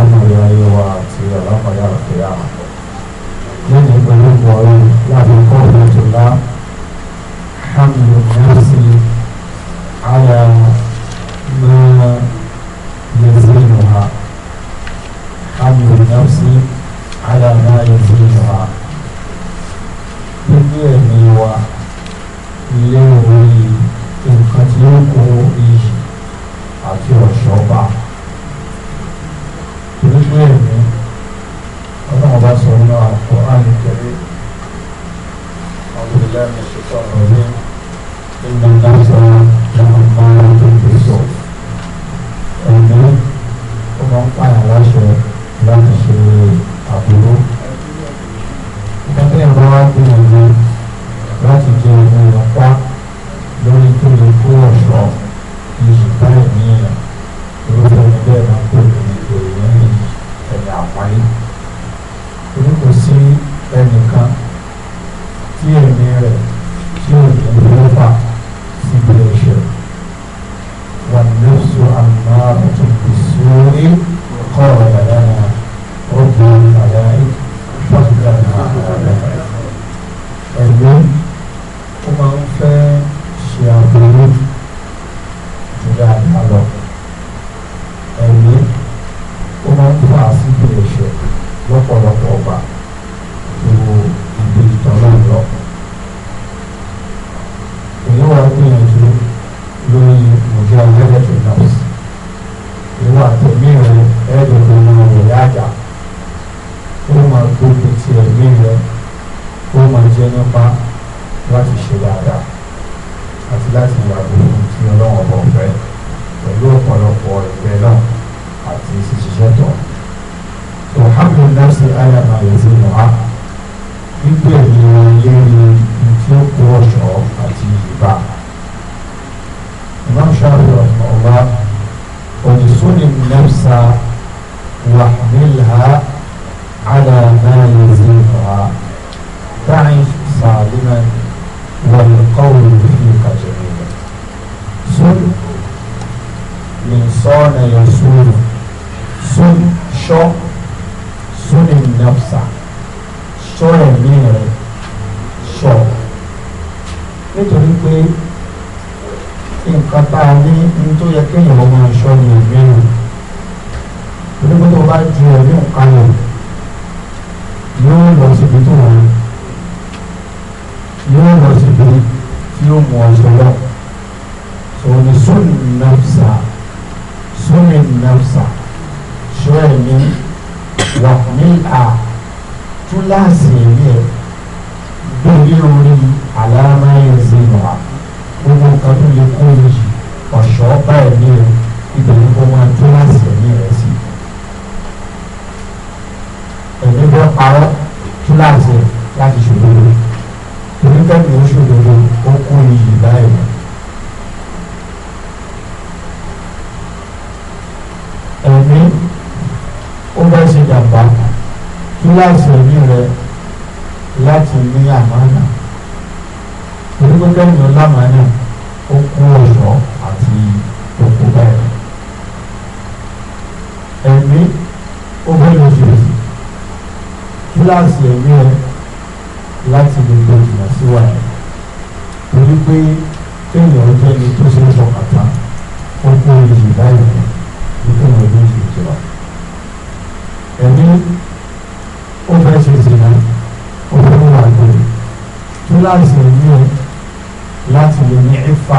alágbèrè ayé wa àti àlàpàdé àlàfẹ́yà lẹ́yìn pẹ̀lú ìwọ̀rí láti kọ́ ètò ńlá hàmìlú mẹ́sì àyà mẹ́rin yẹ̀sìnùhà hàmìlú mẹ́sì àyà mẹ́rin yẹ̀sìnùhà gbígbé ẹ̀mí wa ilé ìwòrí nǹkan tí ó irúgbó ẹ̀mí ọlọ́run bá sọ nínú àpò ànìkẹ́rẹ́ ọdún lẹ́nu ṣètò ọ̀rọ̀ ní nínú dáṣọ ìjọba máa ń tètè sọ ẹ̀mí ó máa ń pààyàn láṣẹ láti ṣe àbúrò nígbà tí ẹ̀rọ wá gbìyànjú láti jẹ ẹ̀mí ọ̀pá lórí tó lè kó ọ̀ṣọ́ ìṣùpá àfáyé torí kò sí ẹnìkan tí ẹ̀mí rẹ̀ tí ò ní lọ́fà. kana yasuru sún ṣọ́ sún ìnàfsà ṣọ́ ẹ̀mí rẹ̀ ṣọ́ nítorí pé nǹkan tá a ní ní tó yẹ kéèyàn ọmọ ẹ̀ṣọ́ ni ẹ̀mí rẹ̀ onígbó tó bá ju ẹ̀mí nǹkan lọ yóò lọ síbi tó wọ̀ yóò lọ síbi tí ó mú ọ̀ṣọ́ lọ́wọ́. jàmbá kíláàsì ẹ̀mí rẹ láti ní àmàna onígbẹ́kẹ̀yìn ọlámàna ó kú ọ̀ṣọ́ àti òkú báyìí ẹ̀mí ó bẹ́ẹ̀ lóṣèlú kíláàsì ẹ̀mí rẹ láti lè lo ìjìnà síwájú torí pé kéèyàn ọjọ́ ni tó ṣe é fọkàn tán ó kú ìyè báyìí ní kéèyàn ló ń ṣe ìjọba ẹ̀mí ó fẹ́ ṣe ìsìnà ó fẹ́ mú àgbẹ̀ kíláàsì ẹ̀mí ẹ̀ láti lè ní ẹ̀fà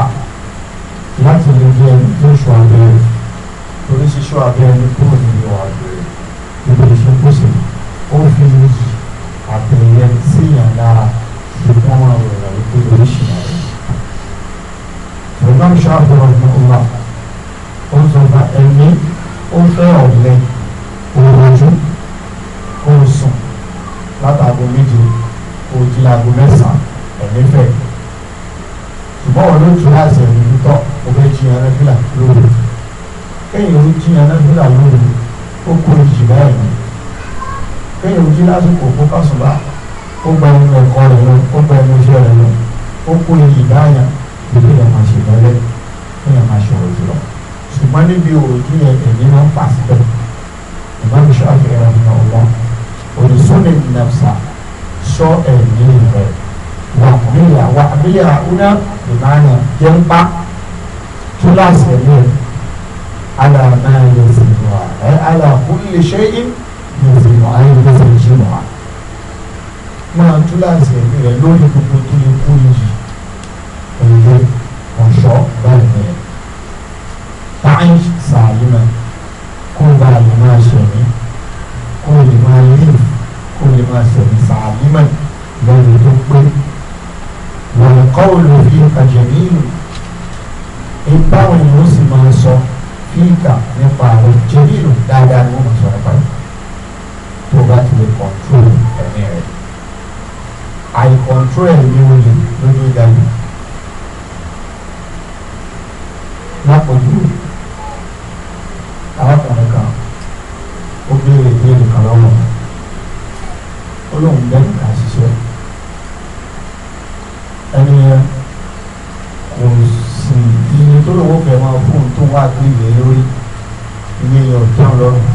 láti lè jẹ́ ẹni tó ṣọ abẹ́rẹ́ torí ṣíṣọ́ abẹ́rẹ́ kúrò nínú àgbẹ̀ ibi ìṣekúṣe ó fi yí àtẹ̀yẹ síyàn lára ṣùgbọ́n àwọn èèyàn wípé oríṣìí náà ṣùgbọ́n ṣáàbù ọ̀gbìn ọ̀la ó sọ pé ẹ̀mí ó fẹ́ ọ̀lẹ́ òòjú oṣùn látàgò méje òjì làgò mẹ́sàn-án ẹ̀mẹ́fẹ́ ṣùgbọ́n wọn ló tún láti ẹ̀mí títọ́ mo fẹ́ jiyàn náfìlà lóru kéèyàn ó jiyàn náfìlà lóru ó kó ìjì báyìí kéèyàn ó jí lásìkò kó kásùbà ó gba ẹnu ẹ̀kọ́ rẹ̀ lọ ó gba ẹnu iṣẹ́ rẹ̀ lọ ó kó ìjì báyà kéèyàn máa ṣe lọ́lẹ́ kéèyàn máa ṣe òòjú lọ ṣùgbọ́n níbi òòjú yẹn ẹ̀mí máa ń pàṣẹ Imam Shafi'i rahimahullah olùsọ́nà nàfsà sọ ẹ̀mí rẹ̀ wà mílíà wà mílíà una ìmáàna jẹ́ńpá túláàsì ẹ̀mí rẹ̀ ala ma yazinuwa ẹ̀ eh, ala kulli shay'in yazinuwa ayé lẹ́sìn ìṣìnuwa máa túláàsì ẹ̀mí rẹ̀ lórí gbogbo tó lè kú yìí òye ọ̀ṣọ́ báyìí rẹ̀ báyìí sàlímẹ̀ kó lè máa lè máa ṣẹ̀mí kó lè máa léèf kó lè máa ṣẹ̀mí sàálímà lẹ́yìn tó pé wọ̀nyí kọ́ olùfi kàjẹ̀mí ìlú ipa wọn ni ó sì máa sọ fíìkà nípa àwọn jẹ̀mí ìlú dáadáa ni wọ́n máa sọ nípa yìí tó bá ti lè kọ̀ntrol ẹ̀mí rẹ̀ àìkọ̀ntrol ẹ̀mí olè lójú ìdájọ́ lápò dúró kan lọ́wọ́ olóhùn bẹ́ẹ̀ kà ṣiṣẹ́ ẹni yẹn kò sì iye tó lówó fẹ́ máa fóun tó wá gbé ilé lórí ilé yẹn ò tán lọ́rùn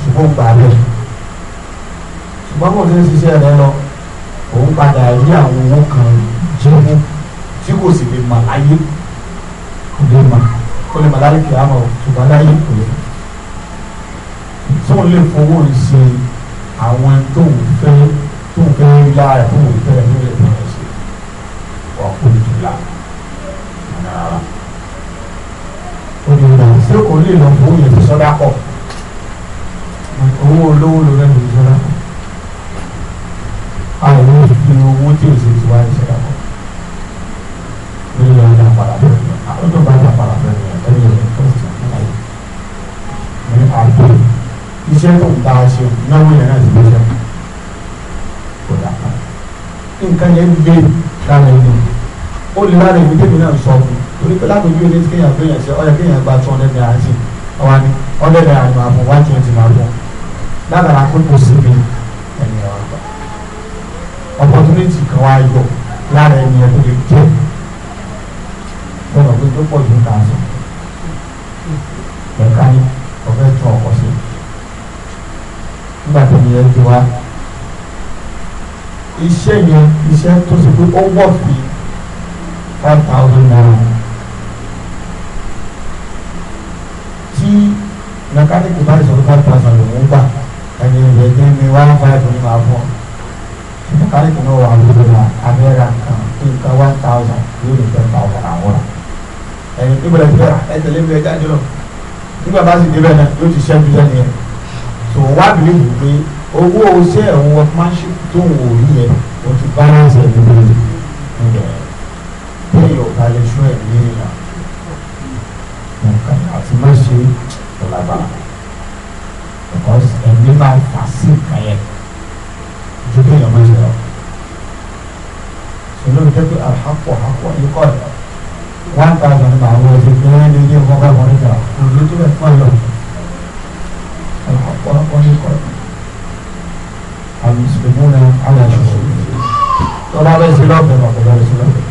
ṣùgbọ́n gbà bẹ́ẹ̀ ṣùgbọ́n kò sí ṣiṣẹ́ rẹ lọ òun padà rí àwọn owó kan jẹ́wọ́ tí kò sì lè mà láyé kò lè mà kò lè mà láyé kìlámà ò ṣùgbọ́n láyé kò lè mà tó lè fowó yìí ṣe àwọn tó ń fẹ́ tó ń fẹ́ yá ẹ̀ tó ń fẹ́ ló lè fẹ́ ṣe wà kó jù lá rárá. olùdó ṣé kò lè lọ fowó yẹn fi sọ́dá pọ̀ owó olówó ló lẹ́nu ìṣọ́dá pọ̀ àwọn olùdó owó tí ò sì ti wá ìṣọ́dá pọ̀. iṣẹ́ tó ń bá a ṣe náwó yẹn náà ti fi ṣe kò dà pa nǹkan yẹn lé lára ẹni ó lè lára ẹni tèmi náà sọ fún torí pé lápẹjú ilé tí kéèyàn gbé yẹn ṣe ọyọ kéèyàn gba two hundred naira sí ọwọ́ ni hundred naira ni màá fún one twenty màá fún látara pé kò síbi ẹni ẹ̀ wá gbà opportunity kan wá yọ lára ẹni ẹ̀ tó lè jẹ́ fún nígbà tí ìyẹn ti wá iṣẹ́ yẹn iṣẹ́ tó ṣe pé ó wọ̀ fi five thousand naira tí mẹkáníkì bá ìṣòro five thousand lòún gbà ẹni ìwé ní ní one five ní máa fọ́ mẹkáníkì náà wà lórí la abẹ́rẹ́ kan nǹkan one thousand yóò ní ten thousand àwọn ẹ̀yìn ìbẹ̀rẹ̀ ti bẹ̀rẹ̀ ẹ̀ tẹ̀lé mi ẹ̀ jáde lọ nígbà bá sì débẹ̀ náà yóò ti ṣẹ́ bí sẹ́ni yẹn so wá bìlí yìí pé owó oṣẹ́ ẹ̀hún workmanship tó ń wò rí yẹn o ti balance everybody bẹ́ẹ̀ yóò balẹ̀ ṣọ́ ẹ̀ ní ìlà nǹkan àti má ṣe ìlàbàlà because ẹ̀mí máa ń fà sí nǹkan yẹn ju bí èèyàn máa ń lọ sọlọ́ mi tẹ́tù àhàpọ̀ àhàpọ̀ yìí kọ́ ẹ̀ one thousand bá wọlé ṣe kí wọ́n lé ní ọgbọ́n bá wọlé jà òun ló tó bẹ̀ fún ẹ lọ ọ̀pọ̀lọpọ̀ ní kọ́ àlùsùlùmù náà alàlùsùlù tọ́lá bẹ́ẹ̀ sí lọ́ọ̀bẹ̀ ọ̀pọ̀ bẹ́ẹ̀ sí lọ́ọ̀bẹ̀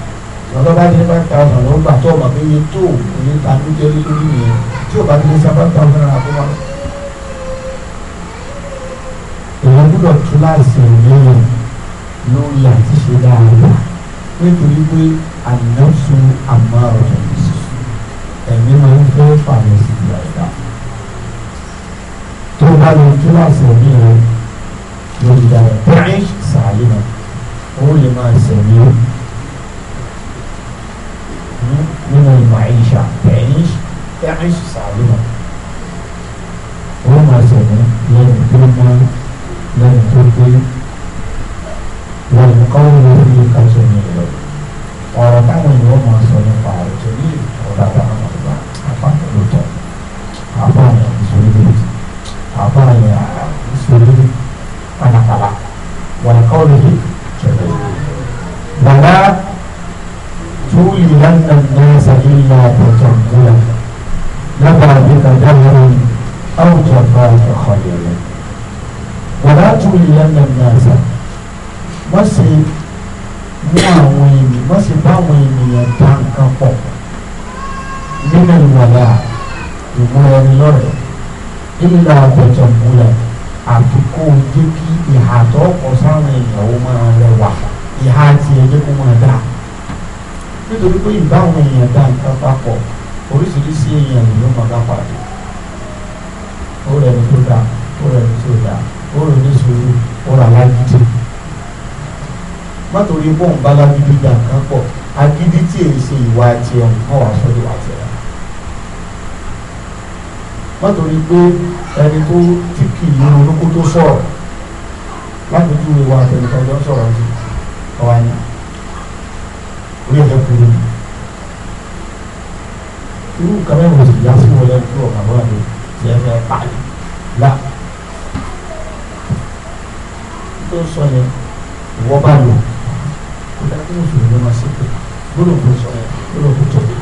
tọ́lá bá dé five thousand ló ń gbà tó ọmọ pé iye tó òye ta ló jẹ́ lórí yẹn tí ò bá dé sí five thousand náà kó má lọ. èèyàn gbúdọ̀ tú láìsí òye lórí tó bá lè kíláàsì ẹ̀mí rẹ lórí dára bẹ́ẹ̀ sàálì náà ó lè máa sẹ̀mí ó hmm? nínú ìmọ̀ àyíṣà bẹ́ẹ̀ bẹ́ẹ̀ ó máa sẹ̀mí lẹ́nu tó mọ́ lẹ́nu tó gbé lẹ́nu kọ́ lórí. ìlà ọ̀bẹ̀tẹ̀ múlẹ̀ àfi kó o jẹ́ kí ìhà tó kọ sáwọn ìyàwó máa rẹwà ìhà tiẹ̀ jẹ́ kó máa dà nítorí pé ìbáwọn èèyàn dá nǹkan papọ̀ oríṣiríṣi èèyàn ló máa bá pàdé ó rẹ̀ ní tó dáa ó rẹ̀ ní tó dáa ó rẹ̀ ní sòrò ó rà lágídí má torí bóun bá lágídí dà nǹkan pọ̀ agídí tí èyí ṣe ìwà tiẹ̀ nǹkan wà sọ́dọ̀ wà tiẹ̀ látòrí pé ẹni tó tí kì í yún olóko tó sọ̀rọ̀ látòjú ìwà àtẹnìkan jọ sọ̀rọ̀ sí ọ̀wá ni orí ẹ̀jẹ̀ kúrò ní. irú kàmẹ́ wo sì yá sí wọlé fún ọ̀gá wọn ni tí ẹ fẹ́ pààyè là tó sọ yẹn ìwọ bá lò kó dájú mùsùlùmí ló máa ṣe pé gbọ́dọ̀ kó sọ yẹn gbọ́dọ̀ kó tóbi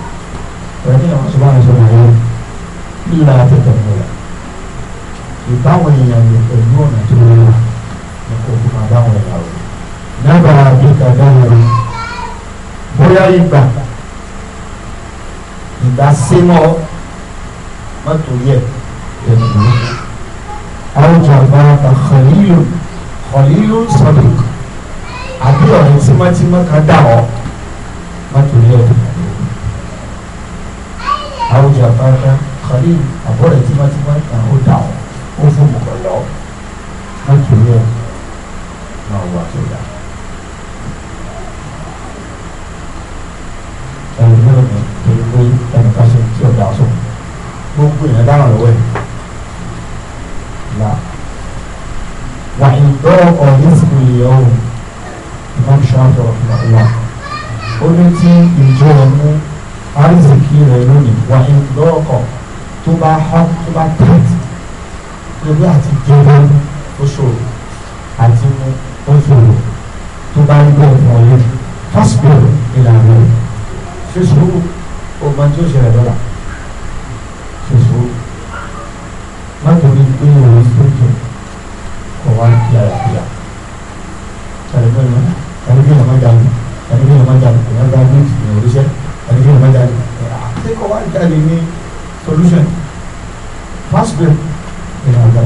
ọ̀rẹ́ ní àwọn sọ bá ń sọ yẹn fíra tẹ̀tẹ̀ mọ́ra ìbáwọn èèyàn lè pẹ̀lú ọ̀nà tó rẹ̀ wá ní kó fún ma báwọn ẹ̀yà o nábà àbíkà dáhùn o bóyá ìgbà ìgbà símọ́ mọ́tò yẹ ẹ̀mí ló àwùjọ àgbàlagbà xọlílù xọlílù sọdọ̀kọ̀ àbí ọ̀rẹ́ tímátímá kan dà ọ́ mọ́tò yẹ ẹ̀mí àwùjọ àgbàlagbà. Khalil àbọ̀rẹ̀ tímọ́tímọ́ kan ó dà ọ́ ó fún mọ̀kọ́ lọ wọ́n tún yẹ náà wà tó dà. ẹ̀rù náà ní torí pé ẹnì kan ṣe tí ọ̀dà sọ gbogbo ìyẹn dáhùn lọ́wọ́ ẹ̀ là wà ìgbọ́ ọ̀rẹ́ ìsìnkú ìyẹ̀wò ìmọ̀ ṣáàtọ̀ ìlànà ó ní tí ìjọ ẹ̀ mú arizikí rẹ̀ lónìí wà ìgbọ́ ọkọ̀ tó bá hot tó bá tight ebi àti jẹrẹ oṣòro àti mu oṣòro tó bá ń bẹ̀ fún ọyẹ hospital ìlànà ṣoṣo ọgbà tí ó ṣẹlẹ̀ lọ́la ṣoṣo mọ́tò ní pé ìwé sókè kọ̀ wá kí àìsíyà tàbí bí ọmọ jáde tàbí bí ọmọ jáde ìyá bá gbé ìyá oríṣẹ́ tàbí bí ọmọ jáde àti kọ̀ wá jáde ní solution fásitì èèyàn ọ̀gá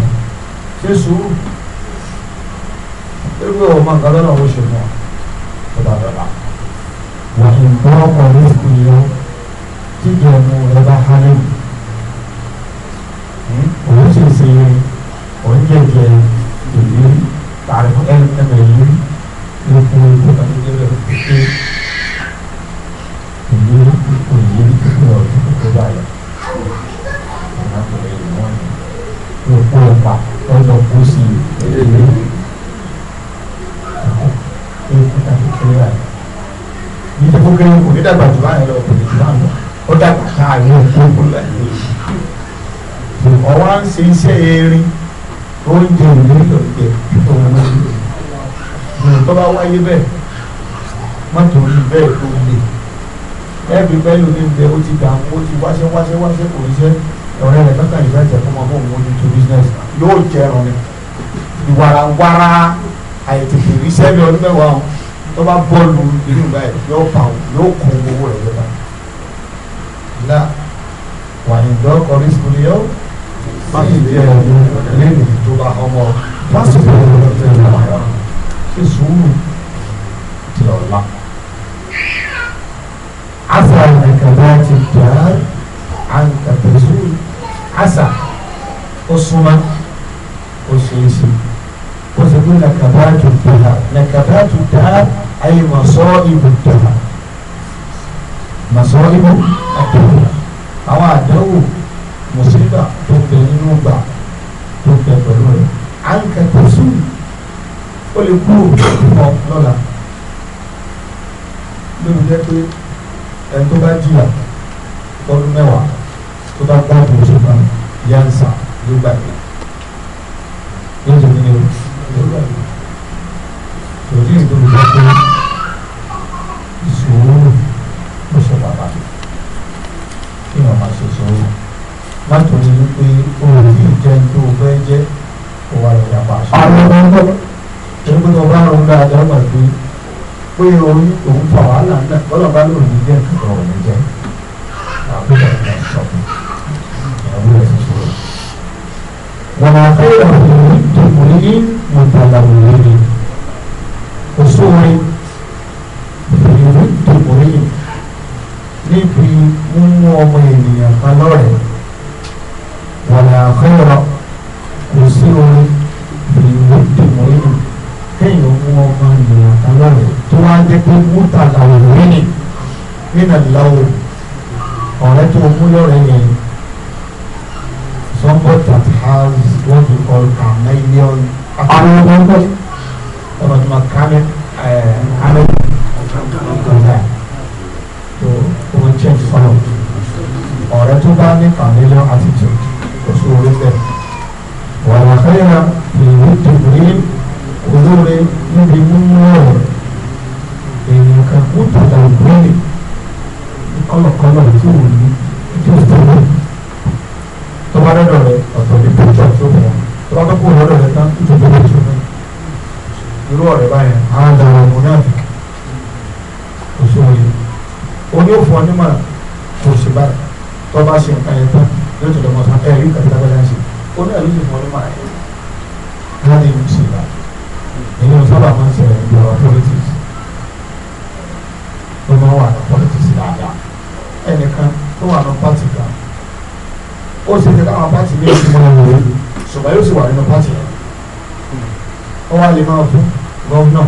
ṣe sùúrù irúgbẹ́ ọmọ nǹkan lọ́nà owó ṣe mọ́ ọ̀dà dọ̀là wà ìmọ̀ ọkọ̀ ní ìpínlẹ̀ tíjọ́ ọmọ rẹ̀ bá hálẹ́ yìí. sí iṣẹ́ erin oúnjẹ òní lọ jẹ ọ̀rọ̀ náà lò tó bá wáyé bẹ́ẹ̀ mọ́tò ní bẹ́ẹ̀ tó lè ẹ̀bí bẹ́ẹ̀ ní bẹ́ẹ̀ ó ti dààmú ó ti wáṣẹ́ wáṣẹ́ wáṣẹ́ kò iṣẹ́ ọ̀rẹ́ rẹ̀ tọ́ka ìfẹ́jẹ̀ fún ọmọ òun ní tó business yóò jẹ́ ẹran ni ìwàràwàrà àìtètè ríṣẹ́ bí ọdún mẹ́wàá tó bá bọ́ọ̀lù ìlú báyìí yóò pa òun yóò kó owó rẹ̀ lọ́ba láti lé ẹ̀rọ lẹ́nu tó bá ọmọ lásìkò ìlú tẹ̀lé àyà ṣe sùúrù ti ọ̀la. asa ìrìnkàdá ti dá àǹkàtẹ̀sù asa ó súnmá ó ṣeéṣe ó sì gbé nàkàdá tó dá nàkàdá tó dá ayé màsọ́ ìbò dọ̀la màsọ́ ìbò àdéhùn àwọn mùsíbà tó bẹ nínú gbà tó bẹ pẹ̀lú rẹ̀ à ń kẹ́kọ̀ọ́ sùn ó lè kúrò púpọ̀ lọ́la lórí jẹ́ pé ẹni tó bá jìyà tọdún mẹ́wàá tó bá gbọ́ àbò tó bá yá ń sà ló gbà pé yóò tó nílé ló gbà pé tòdí ìdúró jẹ́ pé ìṣòro ló ṣe pàtàkì kí wọ́n ṣe ìṣòro látòrí wípé o ò tó fẹ́ jẹ́ o wà lọ́jà àwọn ọmọ ọgbọ́n ṣe pé bá ń ronú dáadáa gbà pé pé òun fà wàhálà náà bọ́lá bá lóun ní jẹ́ nǹkan. nínà láwò ọ̀rẹ́ tó mú lọ́rẹ́ yẹn somebody that has what we call chameleon àwọn ọmọ ọgbẹ́ ọmọ tó máa kàmẹ́ ẹ̀ amẹ́ ọ̀gá tó ọmọ change fọlọ́ ọ̀rẹ́ tó bá ní chameleon attitude oṣù orí bẹ́ẹ̀ wọ́n wà fẹ́ yà ìwé tòkùrí olóore níbi mímú ọ̀rọ̀ èèyàn kan kú tàbí òkúrẹ́ kọ́lọ̀kọ́lọ̀ tí ò ní tí ò tẹ̀lé tó bá lọ́dọ̀ rẹ ọ̀tọ̀ ní pẹ̀jọ́ tó fún ọ tó bá tó kó lọ́dọ̀ rẹ tán tó tó tó fún ọ irú ọ̀rẹ́ báyẹn á dára ọmọ náà fi kò sí òye oní òfò ọnímọ̀ kò sí bá tó bá ṣe nǹkan yẹn tán yóò tó lọ́mọ sọ ẹ̀rí kàtàkàtà bá yẹn ṣe oní àlùsí fún ọnímọ̀ ayé láti ìlú sí ìlà ìlú sábà máa ń ṣẹlẹ̀ ẹnìkan tó wà nù pátì kan ó sì ti káwọn pátì ní ìsinmi ọ̀hún rẹ̀ ṣùgbọ́n yóò sì wà nínú pátì yẹn ó wá lè máa fún gọ́ọ̀nà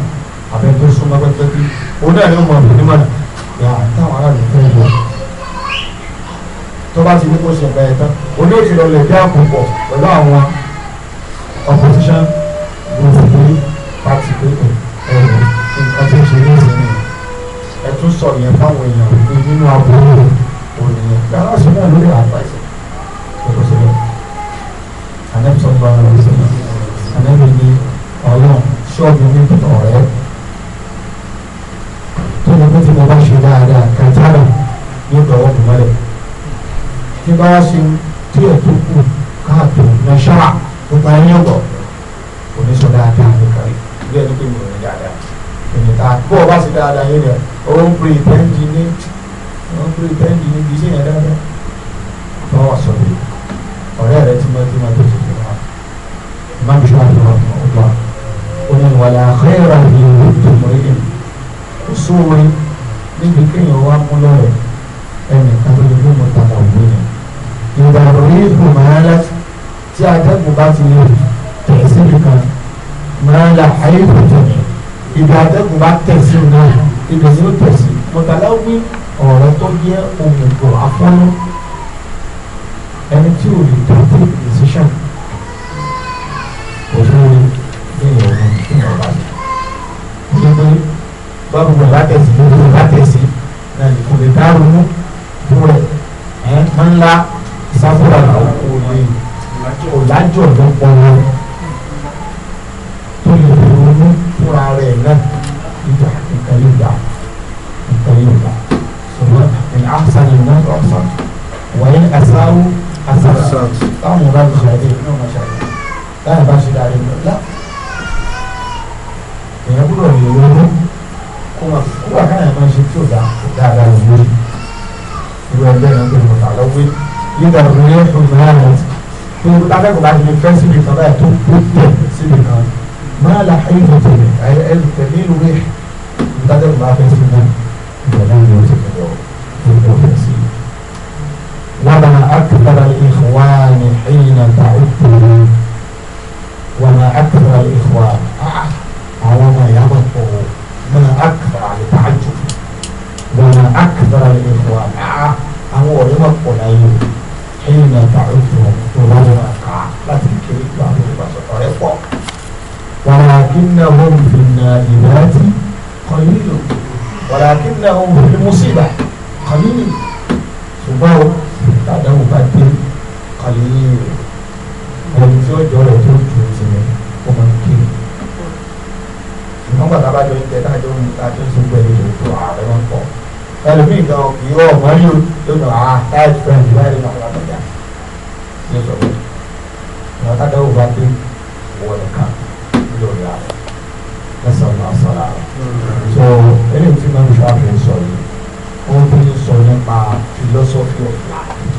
àbẹ̀tẹ̀ súnmọ́ pẹ́pẹ́ bí òun náà yóò mọ̀ ọ́ ní mọ̀nà yà táwọn aráàlú fẹ́ lọ tó bá ti ní kó ṣe ẹ̀ka ẹ̀ka òun yóò ti lọ lè dé àkùkọ pẹ̀lú àwọn opposition group pé pàtì pé ẹ̀rọ nǹkan tó ń ní ìsinmi ẹ tún sọ yẹn fáwọn èèyàn wípé nínú aburú ònìyàn yàrá sí náà lórí àpàṣẹ ọ̀rọ̀ sílẹ̀ anẹ́bùsọ̀gbà ọ̀rọ̀ sílẹ̀ anẹ́bù ní ọlọ́run ṣọ́ọ̀bù ní ọ̀rẹ́ tó ní pé tí mo bá ṣe dáadáa kàtàrà ní ìdọ̀wọ́ mi mọ́lẹ̀ tí bá ṣe tí ẹ̀ tó kù káàtó ní ṣáà gbogbo ayé ọ̀tọ̀ kò ní sọ bí ẹni pé mo rìn dáadáa ìyìntà bó o bá ṣe dáadáa yín rẹ ó ń pè ìtẹ́ǹdì ní ó ń pè ìtẹ́ǹdì ní kì í ṣe yẹn dáadáa wọ́n wà sọ̀rọ̀ yìí ọ̀rẹ́ rẹ tí wọ́n ti máa tó ṣe fún wa má bí wàá lọ́wọ́ fún ọgbà ó ní wàlá àkẹ́rọ̀ ìlú ìtumọ̀ yìí kò sóore níbi kéèyàn wá mú lọ́rẹ̀ ẹnì kan tó lè mú mu tàwọn òwe yẹn ìdàrú yìí kò máa lá tí atẹ́gùn bá ti lè tẹ̀ síbi kan máa la ayé tó tẹ̀lé ibi atẹ́kùn bá tẹ̀sí náà ibi tí ó tẹ̀sí mọ̀tàlá wí ọ̀rọ̀ tó jẹ́ òmùgọ̀ afọ́nú ẹni tí ò lè tó take decision òfin ní ìyẹn òun kí ni ọba mi. ṣé pé báwo ni látẹ̀sí lórí látẹ̀sí náà ní kò lè dá ronú fún rẹ̀ ẹ̀ máa ń la sáfúrà làwọn kò lè ọ̀làjọ̀ ló pọ̀ wọn tó lè àṣàwò àṣàṣà táwọn yóò bá ti ṣàdé ní ọmọ ṣàdé láyé bá ṣe dáadé ní ọlá èèyàn gbúdọ̀ lè ronú kó wà kó wà káyà máa ṣe tí ò dá dáadáa lè lórí irú ẹgbẹ́ yẹn tó lò tààlọ́ pé yíga ìròyìn ẹ̀fọn náírà tó ń bá dẹ́kun láti lè fẹ́ síbi kan báyìí tó tó tẹ̀ síbi kan máa la ayé tẹ̀lé ayé ẹ̀ tẹ̀lé ìlú rẹ̀ bá fẹ́ síbi kan ìgbàlódé ló fẹ́ وما أكثر الإخوان حين تعده وما أكثر الإخوان وما يضطه ما أكثر على التعجب وما أكثر الإخوان أهو يضطه لأيه حين تعده تضرك لا تنكري بعض البشر ولكنهم في النائبات قليل ولكنهم في المصيبة قليل ṣùgbọ́n tàdáwò bá dé kàlẹ́ yìí rẹ̀ ẹni tí ọjọ́ rẹ̀ tó ju ti rẹ̀ ó máa ń kí ṣùgbọ́n gbàtà bá jọ ń tẹ tájọ́ ń tájọ́ ń sọgbọ́ ẹni tó tó ààrẹ wọn pọ̀ ẹlòmíì gan kì í ọ̀mọ́ rí o tó nà á táyà fẹ́ǹdì báyìí nà ọ̀la tọ̀jà ṣe sọ pé ìwà tàdáwò bá dé wọ̀ nìkan lórí ààrẹ ẹsẹ̀ ọ̀nà àṣàlà so eléyìí tí mẹ́rin ṣáà fi ń sọ yìí ó ń sọ nípa philosophy of life.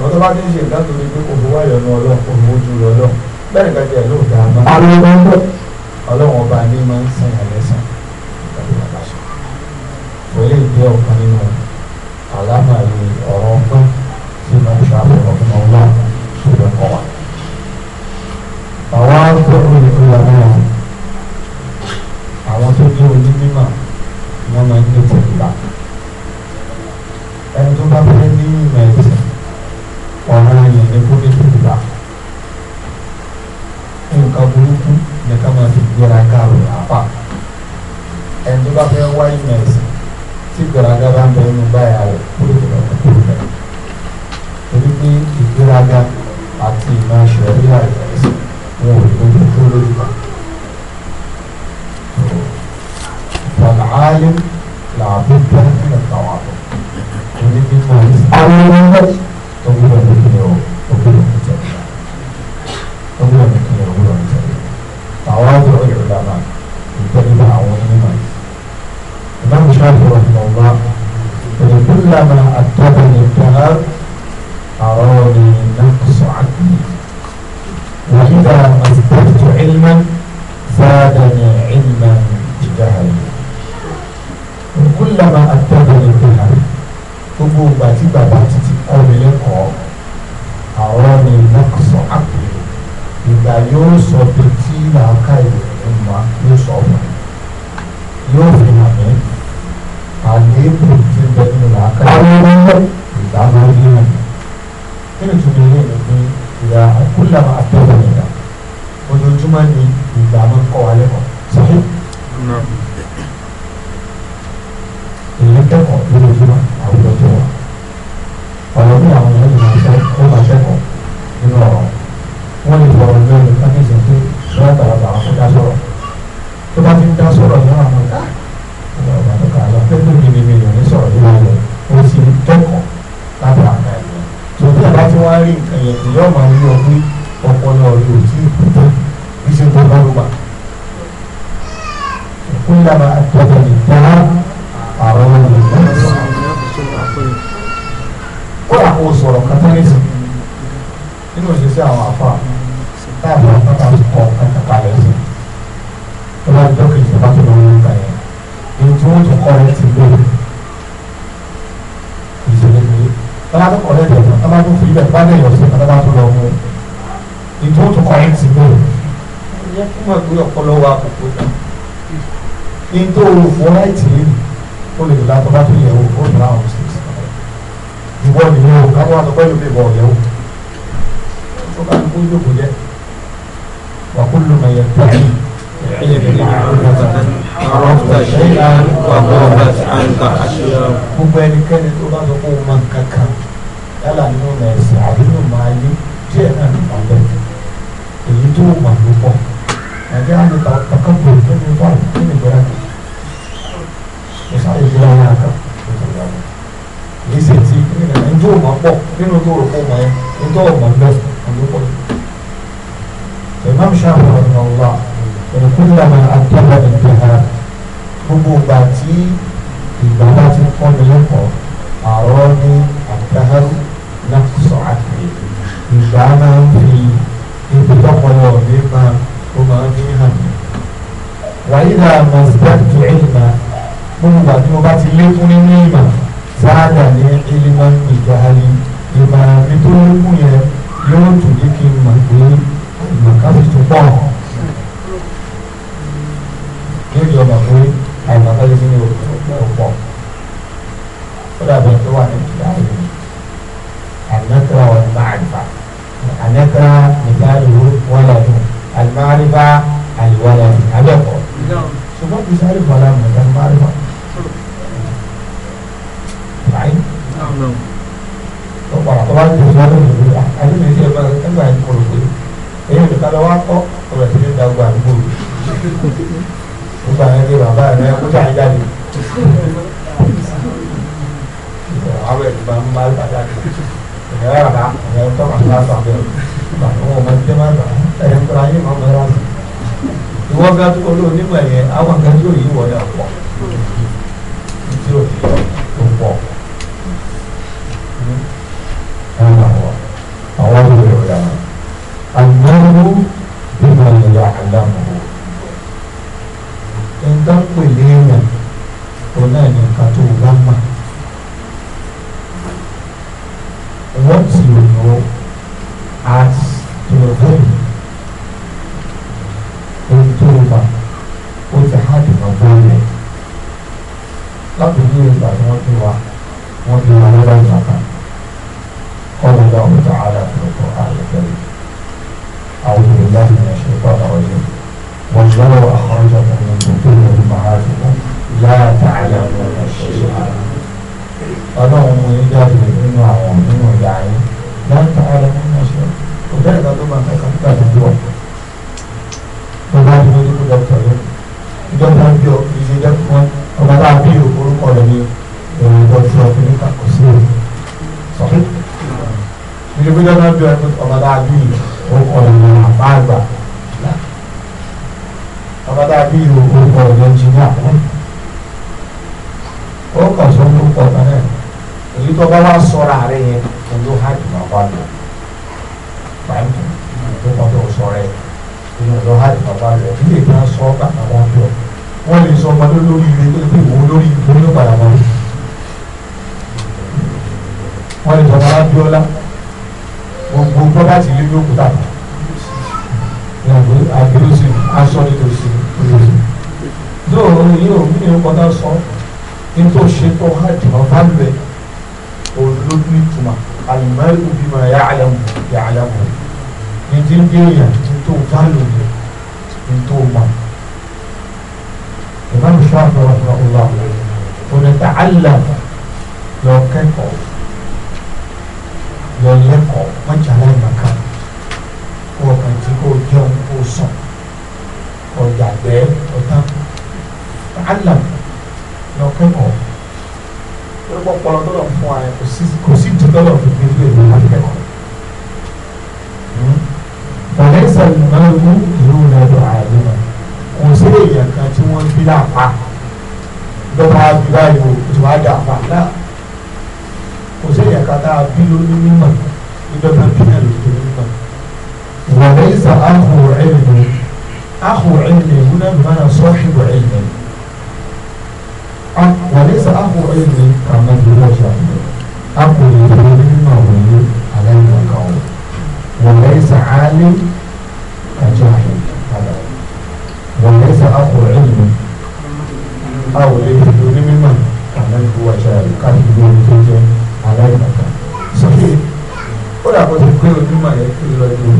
ṣùgbọ́n tó bá ti ń ṣe nǹkan tó ní pé kò fún wáyọ̀ ní ọlọ́run kò fún ojú ọlọ́run bẹ́ẹ̀ nìkan ló dáa mọ́. àwọn ọmọ ọba ní máa ń sìn àlẹ́ sàn. ìgbàlódé àbáṣọ. òye ọ̀kan nínú làákàyè ẹ̀ mọ́ yóò sọ ọ́ fún yóò fi dá sọ̀rọ̀ náà àwọn ọ̀gá ọ̀gá ọ̀gá tó kà á lọ pẹ́ẹ́lú mi ni mi ò ní sọ̀rọ̀ yóò lọ ó sì ń tọkàn lábẹ́ àgbà yẹn tòbí àbá tí wọ́n á rí nǹkan yẹn ìyá ọ̀mà ń lọ pé ọpọlọ rẹ ò tí ì kú tó bí ṣe tó bá ló wà. kúńdàmà àtọ́jọ́ ní dáná àwọn olùkọ́ kó àwọn sọ̀rọ̀ kan tẹ́lẹ̀ sí nínú òṣìṣẹ́ àwọn àfa táàbù àpáta kọ̀ọ̀kan kàkà lẹ́sìn wọ́n á dọ́kì ìjọba tó lọ́wọ́ nípa ẹ̀ èyí tí wọ́n tún kọ́ ẹ ti lé ìṣẹ̀lẹ̀ mi wọ́n á tún kọ́ ẹ dẹ̀ wọ́n á máa tún fi ilẹ̀ bá lẹ̀ yọ̀ sí ẹ̀ bá tó lọ mú èyí tí wọ́n tún kọ́ ẹ ti lé. ìyẹn fún mọ̀ pé ọpọlọ wa kò kó dà ní tó o fọ́ láìtì lẹ́nu ó lè la tó tó yẹ o ó lè ra àwọn ìwọ حين عرفت شيئا فغابت عنك أشياء gbogbo ẹnikẹ́ni tó bá sọ pé o máa ń kankan yálà nínú ẹ̀sìn àbí nínú máa yí díẹ̀ náà ló máa bẹ̀ èyí tó o máa ló pọ̀ nàìjíríà ní kankan kò tó ní bá tó ní gbéra kì í sáré ìdílé ayé àká tó tó yà wọ́n nínú tó o máa pọ̀ nínú tó o rò pé o máa máa bẹ̀ ọ̀dọ́ pọ̀. Imam ẹ̀kúnlẹ̀ máa àtẹ́wọ̀ ìgbéga gbogbo ìgbà tí ìgbà bá ti kọ́ ni lẹ́kọ̀ọ́ àárọ̀ ní àtẹ́hárú láti sọ àkèrè ìgbà máa ń fi ibi lọ́pọ̀lọ́ mi máa ó máa ń fi hàn mí. wàyí náà máa ṣẹ́ẹ̀kì tó ẹ̀yìn máa gbogbo ìgbà tí mo bá ti lékún nínú ìmọ̀ sáádà ní ilé máa ń pè jáde ìmọ̀ràn mi tó lékún yẹn yóò tún ní kí n mọ̀ pé ìmọ̀ ká fi tún pọ̀ yóò jọ mọ̀ pé àìmọ̀ tẹ́lẹ̀ sí ní òpin ọ̀pọ̀ ó dàbẹ̀ tó wà ní ìdílé ayé ànẹ́kẹ́ra wà ní máàrífà ànẹ́kẹ́ra nìkẹ́ àlùwò wọ́lẹ̀dù àlùmáàrífà àlùwọ́lẹ̀dù abẹ́kọ̀ ṣùgbọ́n kì í sáré fọlá mọ̀ ní àlùmáàrífà. Tọ́pọ̀lọ́ tó bá ń tẹ̀síwájú lórí ìlú àti ní ìṣe ìbára ẹgbàá ìkọlù pé èyí ò ní ká nígbà yẹn kí bàbá rẹ kó jà ń jáde àwọn ìgbà ń bá bàjá kí ìyá bàbá ìyá tó bàbá bá sọ abẹ́ bàbá wọn ò máa ń tẹ́ máa bà ẹ̀yẹ kura yín máa ń bẹ̀rẹ̀ àti ìwọ́n gbàtú olóòní mọ̀ ẹ̀yẹ àwọn kan yóò wọ̀ yà ẹ̀sìn ọ̀fìn níta kò sí o sọ̀kí. ìdíkúnjọ́ náà bí ọdún ọ̀bàdà bí orúkọ ìlú àbá àgbà ọ̀bàdà bí orúkọ ìlú ẹnjìníà fún ó kàn sọ fún orúkọ kan náà èyí tó bá wá sọ̀rọ̀ àárẹ̀ yẹn kò ló há jù máa wá lọ báyìí tó kàn tó sọ̀rọ̀ ẹ̀ èyí ló há jù máa wá lọ ilé ìgbà sọ bàtà wọn jọ wọn lè sọ ọmọdé lórí ilé tó ti wò ó lórí ìgbóná wọ́n lè bọ̀dọ̀ abiola gbogbo bọ́dá ti lé yókù tà ìyàgbé àgbélósì aṣọ nítòsí olóòsì lóòrò yìí ò ní kọ́dá sọ nítorí ṣe tó hajj wọn bá lẹ olóògùn ìtumà alimẹ́rù bímọ yàlẹ́mù yàlẹ́mù ní ti ń gbé yàn nítorí tá lòdì nítorí mà ìmáàmù ṣáà fún ọ̀rọ̀ ọ̀la ò ní ta lọ kẹ́kọ̀ọ́ lọ lẹ́kọ̀ọ́ wọ́n jà láì màkà kó ọkàn tí kò jẹun kó sàn kó yàgbẹ́ ọ̀tá àlà lọ kẹ́kọ̀ọ́ lọ́pọ̀ pọ̀lọ́ tó lọ fún wa kò sí kò sí jùlọ fún mi lè lọ kẹ́kọ̀ọ́. Bàlẹ́ ìsàlù náà mú ìlú ìrìnàjò ààyè náà kò sí èèyàn kan صاحب علم وليس أخو علم كما يقول شافعي أخو علم مولي علينا القول وليس عالم كجاهل هذا وليس أخو علم أو ليس علم كما هو جاهل كما يقول علينا القول صحيح ولا أقول كل ما يكفي الرجل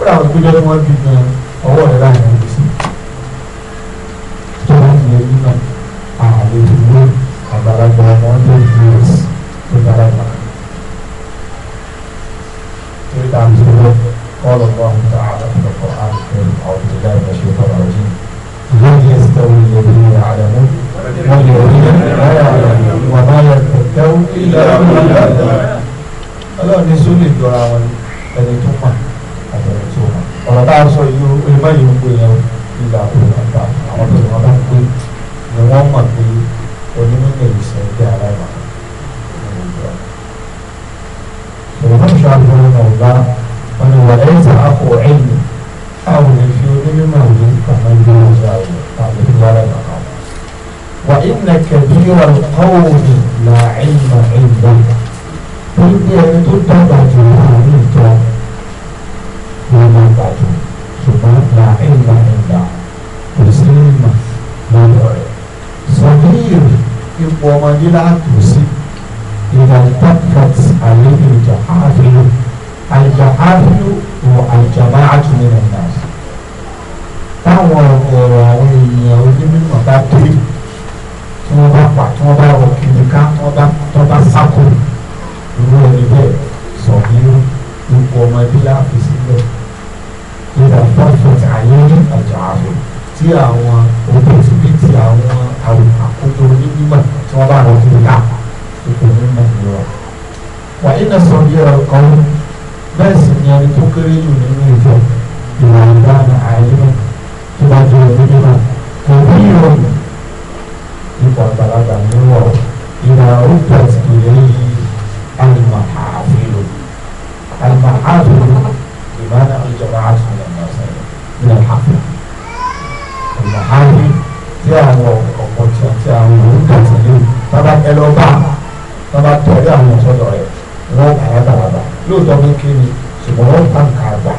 ولا أقول كل ما يكفي دائما تريد أن تقول قال الله تعالى في القرآن الكريم أعوذ بالله من الشيطان الرجيم هل يستوي الذين يعلمون والذين لا يعلمون وما يذكر إلا من يعلم Ọlọ́run ní sólè jọra wọn ẹni tó mọ̀ àtẹ̀yìn tó mọ̀ ọ̀rọ̀ tá a sọ yìí ó lè má yìí to yí láàkù sí ìdàgbà pọt àlejò ìjà àfihàn àìjà àfihàn or àìjà bá àtúnyẹ jẹ́ ọkọ wọn bẹ́ẹ̀ sì ni ẹni tó kéré jù nínú ìjọ ìwà ìdáná àìlú tó bá jẹ́ ọdún mìíràn kò bí ìròyìn nípa balaba níwọ̀ ìwà rupert ìrẹ́yìí alima àfihàn alima àfihàn ìmáná ìjọba àtúnyẹ̀ náà sẹ́yìn ní àfihàn alima àfihàn tí àwọn ọ̀pọ̀ tí àwọn rupert yìí bàbá ẹ lọ bá bàbá tọ̀rí àwọn ọ̀sọ́dọ̀ rẹ̀ wọn àyàgbàlagbà lóòótọ́ ní kí ni ṣùgbọ́n wọ́n bá nǹkan àgbà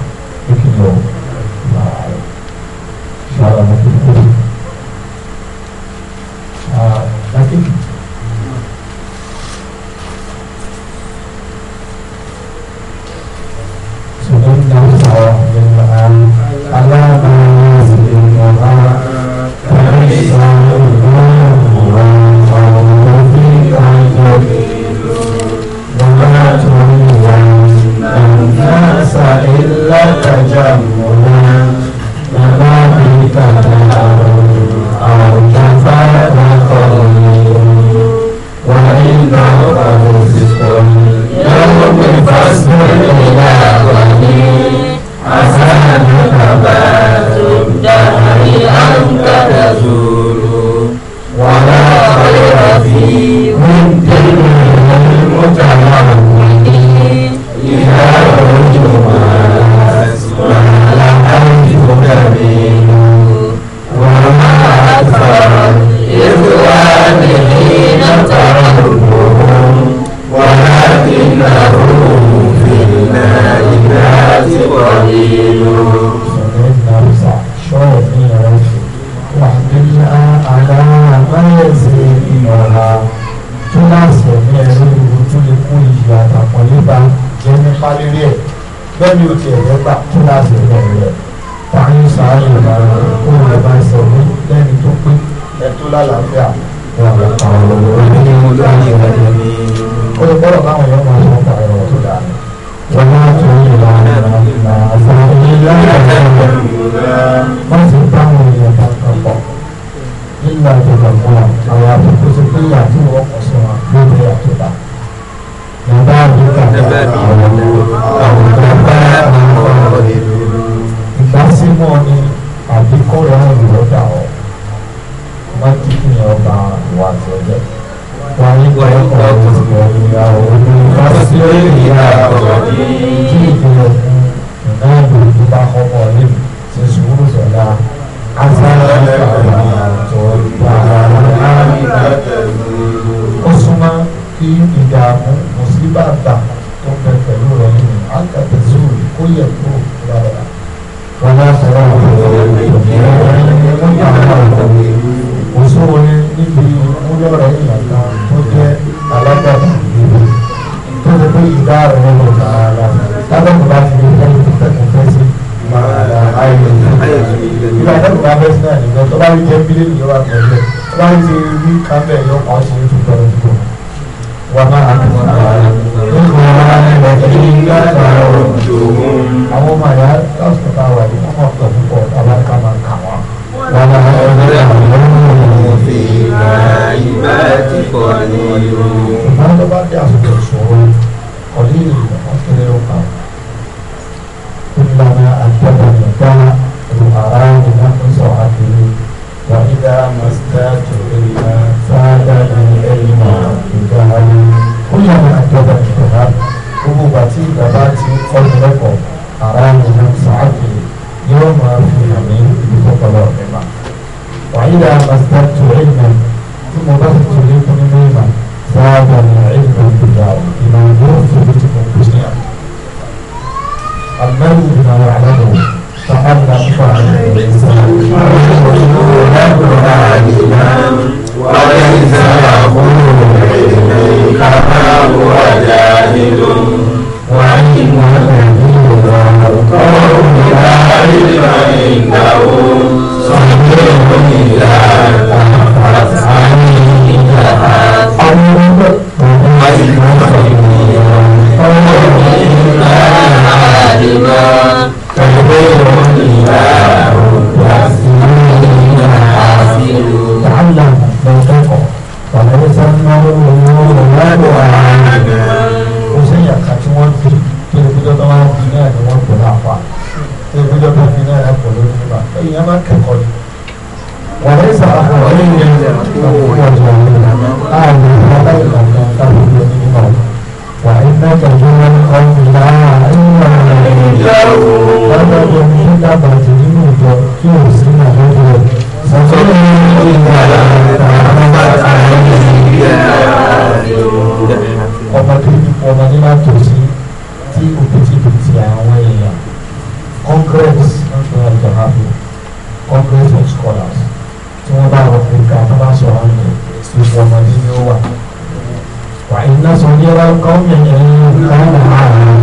ní kí ni ọ̀hún. bẹ́ẹ̀ni o tiẹ̀ fẹ́ gbà tó láti ẹ̀rọ rẹ̀ tààyè sàárè ìlànà kó rẹ̀ bá ṣe ní lẹ́ni tó pé ẹ tó lálàáfíà ọ̀rọ̀ àwọn ọ̀rọ̀ ní mo dá ní ìwà ìwà ní. ó lè gbọ́dọ̀ báwọn yóò máa sọ ọ̀rọ̀ ọ̀rọ̀ tó dáa. wọ́n máa tó ìlànà ìlànà ìlànà wọ́n ti báwọn èèyàn bá kàn nígbà tó fún wa àwọn àfikún ti pé ìyà wọ́n kọ̀ sí wọn ló dé àtúbà ìgbásímọ̀ ni àbíkọ́ra ìrọ́dà ọ̀ má kí kí ni ọba ìwà àti ọjọ́ wáyé wáyé ọkọ̀ ìrìnà òní ìgbásí ìrìnà ọ̀rọ̀ kí ìpínlẹ̀ ìná ìbò ìdíbà ọmọ rẹ̀ ṣe sùúrù sọ̀dá azálẹ̀ ọ̀rọ̀ àtọ̀ ìgbà àwọn ará ó súnmọ́ kí ìdààmú bàbà tó bẹ pẹ̀lú rẹ̀ nínú àgàtà zoro kó yẹ kó rárá. wọn bá sọ̀rọ̀ àwọn ọmọ ìgbìmọ̀ wọn bá àwọn ọmọ ìgbìmọ̀ oṣù wọn níbi olóòrè ìyàtọ̀ tó jẹ́ alágbàtà ìlú tó ti pé ìdá rẹ̀ lọ tààrà tábàkùn bá ti lè fẹ́ ní fẹ́kùn fẹ́ sí ìgbà tábàkùn bá fẹ́ sí náà nìkan tó bá rí jẹ́ bílíọ̀nù yóò wà pẹ̀lú ẹ̀ tó bá rí ti rí kábẹ̀ yóò kọ́ sí i wàhálà àwọn ọmọ àyà lásìkò tá a wà ní kókò ọ̀tọ̀ púpọ̀ abáríkà máa ń kà wọ́n. wọn á ọ̀rẹ́ àwọn ọmọ fi ìgbà tí kò ní ìlú. ìgbà tó bá dé àsìkò ìṣòro ọ̀lẹ́ ìlú ọ̀kẹ́lẹ́ ọ̀kan كلما أنتم wáyé ó yà ní àjọba ìjọba gbogbo ìgbà tí bàbá ti ń kọ́ mi lẹ́kọ̀ọ́ ara mi ní sàáfì yóò máa fi hàn mí ibi kọ́kọ́lọ́ mi mà. wàyí la màsítà tó ẹ̀yìn tí mo bá ti tó lé fún mi mà sáábà ní ẹ̀yìn tó ti dà ó ìmọ̀ yóò fi ibi tí mo kú sí à. àlùmọ́ọ́lù ìgbìmọ̀ àlọ́ mi sàmàlà ń fa àlùmọ́ọ́lù ìgbìmọ̀ ọ̀rọ̀ kọ́ọ̀mì ẹ̀yìn káàdà ààrùn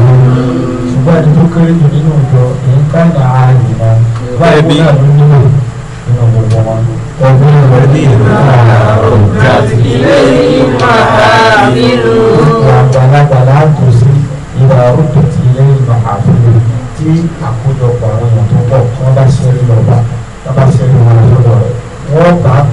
ṣùgbọ́n ẹni tó kéré jù nínú ìjọ ẹ̀yìn káàdà ààrùn náà báyìí náà ló nílò nínú gbogbo wọn. ọ̀gbìn rẹ̀ ní ìlú ọ̀gá ilé ìmọ̀ àmìlú. àgbàlagbàlá kò sí ìwà òkè tí ilé ìmọ̀ àfihàn tí